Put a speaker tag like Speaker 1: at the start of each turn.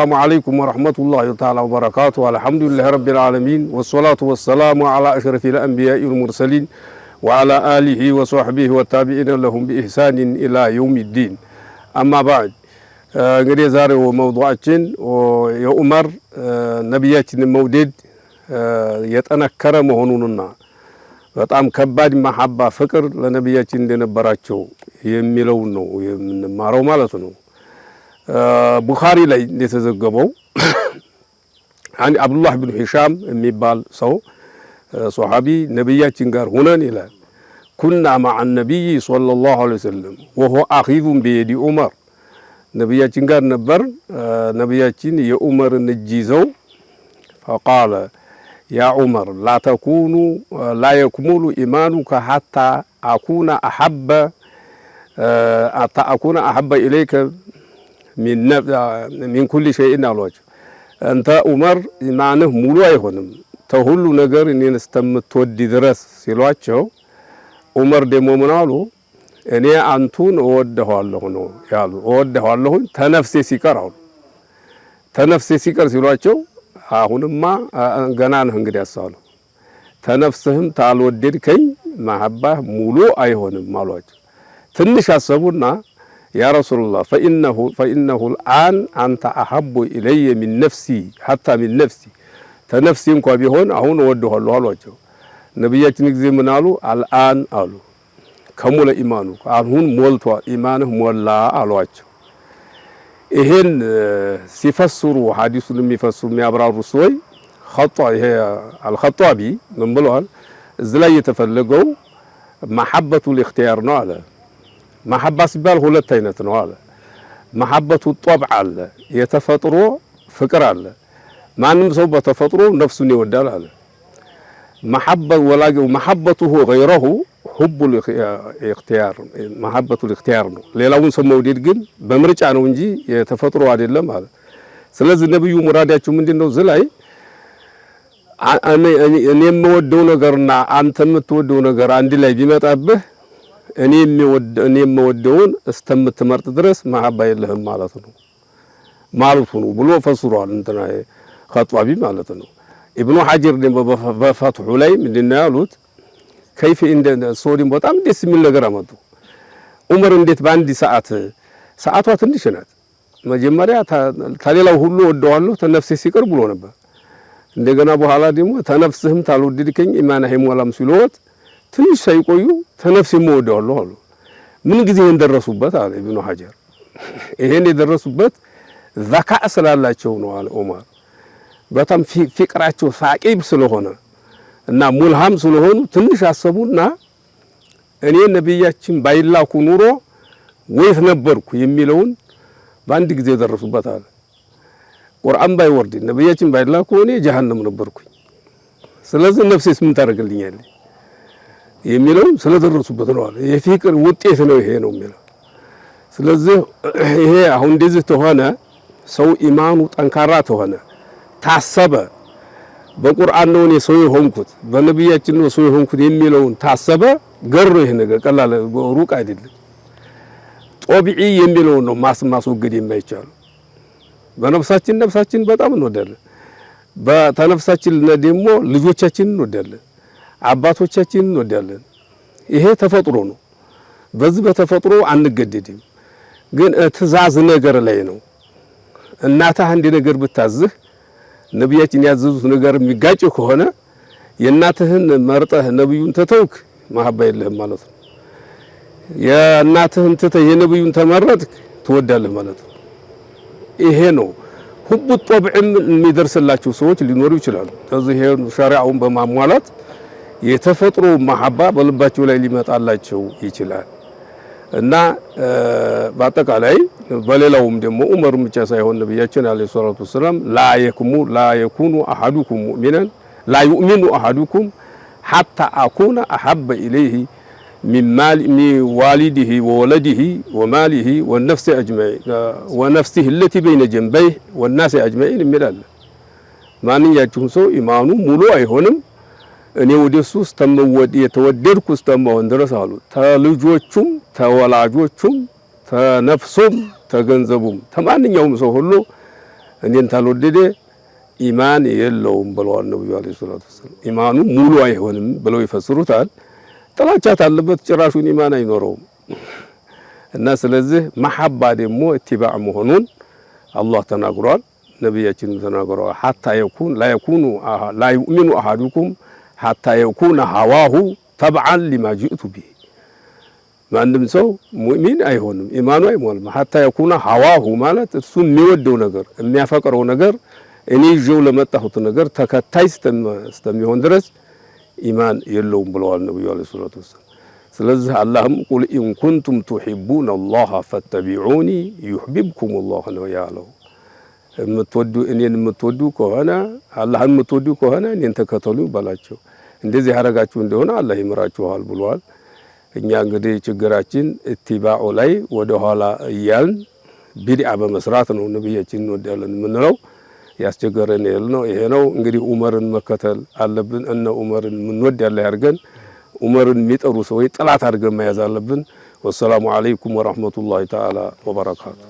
Speaker 1: السلام عليكم ورحمة الله تعالى وبركاته الحمد لله رب العالمين والصلاة والسلام على أشرف الأنبياء والمرسلين وعلى آله وصحبه والتابعين لهم بإحسان إلى يوم الدين أما بعد እንግዲህ ዛሬው መውضوعችን የዑመር ነቢያችንን መውደድ የጠነከረ መሆኑንና በጣም كباد محبة فكر ለነቢያችን እንደነበራቸው የሚለውን ነው የምንማረው ማለት ቡኻሪ ላይ እንደተዘገበው አብዱላህ ብን ሂሻም የሚባል ሰው ሶሓቢ ነቢያችን ጋር ሁነን ይላል ኩና ማዓ ነቢይ ሰለላሁ ዐለይሂ ወሰለም ወሆ አኺዙን ብየዲ ዑመር ነቢያችን ጋር ነበር። ነቢያችን የዑመርን እጅ ይዘው ፈቃለ ያ ዑመር ላተኩኑ ላየክሙሉ ኢማኑከ ሓታ አኩነ አሐበ ኢለይከ ሚንኩል ሸይን አሏቸው። እንተ ዑመር ኢማንህ ሙሉ አይሆንም ተሁሉ ነገር እኔን እስከምትወድ ድረስ ሲሏቸው ዑመር ደግሞ ምን አሉ? እኔ አንቱን እወደኋለሁ ነው ያሉ። እወደኋለሁ ተነፍሴ ሲቀር አሉ። ተነፍሴ ሲቀር ሲሏቸው አሁንማ ገና ነህ እንግዲህ ያሳሉ ተነፍስህም ታልወደድከኝ መሀባህ ሙሉ አይሆንም አሏቸው። ትንሽ አሰቡና ያ ረሱሉላህ ፈኢነሁ ልአን አንተ አሐቡ ኢለየ ሚን ነፍሲ ሀታ ሚን ነፍሲ ተነፍሲ እንኳ ቢሆን አሁን እወድኋለሁ አሏቸው። ነቢያችን ጊዜ ምን አሉ? አልአን አሉ ከሙለ ኢማኑ አሁን ሞልቷል፣ ኢማንህ ሞላ አሏቸው። ይሄን ሲፈስሩ ሀዲሱን የሚፈስሩ የሚያብራሩ ሰዎች ይሄ አልኸጧቢ ምን ብለዋል? እዚህ ላይ የተፈለገው መሐበቱል ኢኽትያር ነው አለ መሐባ ሲባል ሁለት አይነት ነው አለ። መሐበቱ ጦብዕ አለ፣ የተፈጥሮ ፍቅር አለ። ማንም ሰው በተፈጥሮ ነፍሱን ይወዳል አለ። መሐበቱሁ ገይረሁ ሁቡ ኢኽቲያር መሐበቱ ኢኽቲያር ነው። ሌላውን ሰው መውደድ ግን በምርጫ ነው እንጂ የተፈጥሮ አይደለም አለ። ስለዚህ ነብዩ ሙራዳቸው ምንድነው ዝላይ እኔ የምወደው ነገርና አንተ የምትወደው ነገር አንድ ላይ ቢመጣብህ እኔ የምወደውን እስተምትመርጥ ድረስ መሐባ የለህም ማለት ነው ማለቱ ነው ብሎ ፈስሯል። እንትና ከጧቢ ማለት ነው። ኢብኑ ሐጀር ደግሞ በፈትሑ ላይ ምንድነው ያሉት? ከይፍ እንደ ሶዲም በጣም ደስ የሚል ነገር አመጡ። ዑመር እንዴት በአንድ ሰዓት ሰዓቷ ትንሽ ናት። መጀመሪያ ተሌላው ሁሉ ወደዋለሁ ተነፍሴ ሲቀር ብሎ ነበር። እንደገና በኋላ ደግሞ ተነፍስህም ታልወደድከኝ ኢማናህም ወላም ሲልወት ትንሽ ሳይቆዩ ተነፍስ የምወደዋለሁ አሉ። ምን ጊዜ ይህን ደረሱበት አለ ኢብኑ ሀጀር። ይሄን የደረሱበት ዘካ ስላላቸው ነው አለ ዑመር። በጣም ፍቅራቸው ሳቂብ ስለሆነ እና ሙልሃም ስለሆኑ ትንሽ አሰቡና እኔ ነቢያችን ባይላኩ ኑሮ ወይት ነበርኩ የሚለውን በአንድ ጊዜ ደረሱበት አለ። ቁርአን ባይወርድ ነቢያችን ባይላኩ እኔ ጀሀነም ነበርኩኝ። ስለዚህ ነፍሴስ ምን ታደርግልኛለች? የሚለው ስለደረሱበት ነው። የፍቅር ውጤት ነው ይሄ ነው የሚለው። ስለዚህ ይሄ አሁን እንደዚህ ተሆነ ሰው ኢማኑ ጠንካራ ተሆነ ታሰበ በቁርአን ነው እኔ ሰው የሆንኩት በነቢያችን ነው ሰው የሆንኩት የሚለውን ታሰበ ገር ይሄ ነገር ቀላል ሩቅ አይደለም። ጦቢዒ የሚለውን ነው ማስወገድ የማይቻሉ በነፍሳችን ነፍሳችን በጣም እንወዳለን። በተነፍሳችን ደግሞ ልጆቻችን እንወዳለን። አባቶቻችን እንወዳለን። ይሄ ተፈጥሮ ነው። በዚህ በተፈጥሮ አንገደድም። ግን ትእዛዝ ነገር ላይ ነው። እናትህ አንድ ነገር ብታዝህ ነቢያችን ያዘዙት ነገር የሚጋጭ ከሆነ የእናትህን መርጠህ ነብዩን ተተውክ ማህባ የለህም ማለት ነው። የእናትህን ትተህ የነብዩን ተመረጥክ ትወዳለህ ማለት ነው። ይሄ ነው ሁቡ ጦብዕም የሚደርስላቸው ሰዎች ሊኖሩ ይችላሉ። ከዚህ ሸሪዓውን በማሟላት የተፈጥሮ መሐባ በልባቸው ላይ ሊመጣላቸው ይችላል እና በአጠቃላይ በሌላውም ደግሞ ዑመር ብቻ ሳይሆን ነብያችን አለ ሰላቱ ወሰለም ላ የክሙ ላ የኩኑ አሐዱኩም ሙእሚናን ላ ዩእሚኑ አሐዱኩም ሓታ አኩነ አሐበ ኢለይሂ ሚዋሊድህ ወወለድህ ወማልህ ወነፍሲ አጅመዒን ወነፍሲህ እለቲ በይነ ጀንበይህ ወናሴ አጅመዒን የሚላለ ማንኛችሁም ሰው ኢማኑ ሙሉ አይሆንም እኔ ወደ እሱ የተወደድኩ እስተመሆን ድረስ አሉ። ተልጆቹም ተወላጆቹም ተነፍሱም ተገንዘቡም ተማንኛውም ሰው ሁሉ እኔን ታልወደደ ኢማን የለውም ብለዋል ነብዩ አለይሂ ሰላቱ ወሰለም። ኢማኑ ሙሉ አይሆንም ብለው ይፈስሩታል። ጥላቻ ታለበት ጭራሹን ኢማን አይኖረውም እና ስለዚህ መሐባ ደግሞ እትባዕ መሆኑን አላህ ተናግሯል፣ ነቢያችንም ተናግሯል። ሐታ የኩን ላ የኩኑ ላ ዩእሚኑ አሐዱኩም ሓታ የኩነ ሃዋሁ ተብዓን ሊማ ጅእቱ ብሂ ማንም ሰው ሙእሚን አይሆንም፣ ኢማኑ አይሟልም ሓታ የኩነ ሃዋሁ ማለት እሱ የሚወደው ነገር የሚያፈቅረው ነገር እኔ ይዤው ለመጣሁት ነገር ተከታይ እስከሚሆን ድረስ ኢማን የለውም ብለዋል ነብዩ ዓለይሂ ሰላቱ ወሰላም። ስለዚህ አላህም ቁል ኢን ኩንቱም ቱሒቡነ አላህ ፈተቢዑኒ ዩሕቢብኩም ላሁ ነው ያለው። የምትወዱ እኔን የምትወዱ ከሆነ አላህን የምትወዱ ከሆነ እኔን ተከተሉ ይባላቸው። እንደዚህ ያደረጋችሁ እንደሆነ አላህ ይምራችኋል ብሏል። እኛ እንግዲህ ችግራችን ኢትባኡ ላይ ወደ ኋላ እያልን ቢድዓ በመስራት ነው። ንብያችን እንወዳለን የምንለው ያስቸገረን ይሄ ነው ይሄ ነው። እንግዲህ ኡመርን መከተል አለብን። እነ ኡመርን የምንወድ ያለ ያርገን ኡመርን የሚጠሩ ሰዎች ጠላት አድርገን መያዝ አለብን። ወሰላሙ አለይኩም ወራህመቱላሂ ተዓላ ወበረካቱ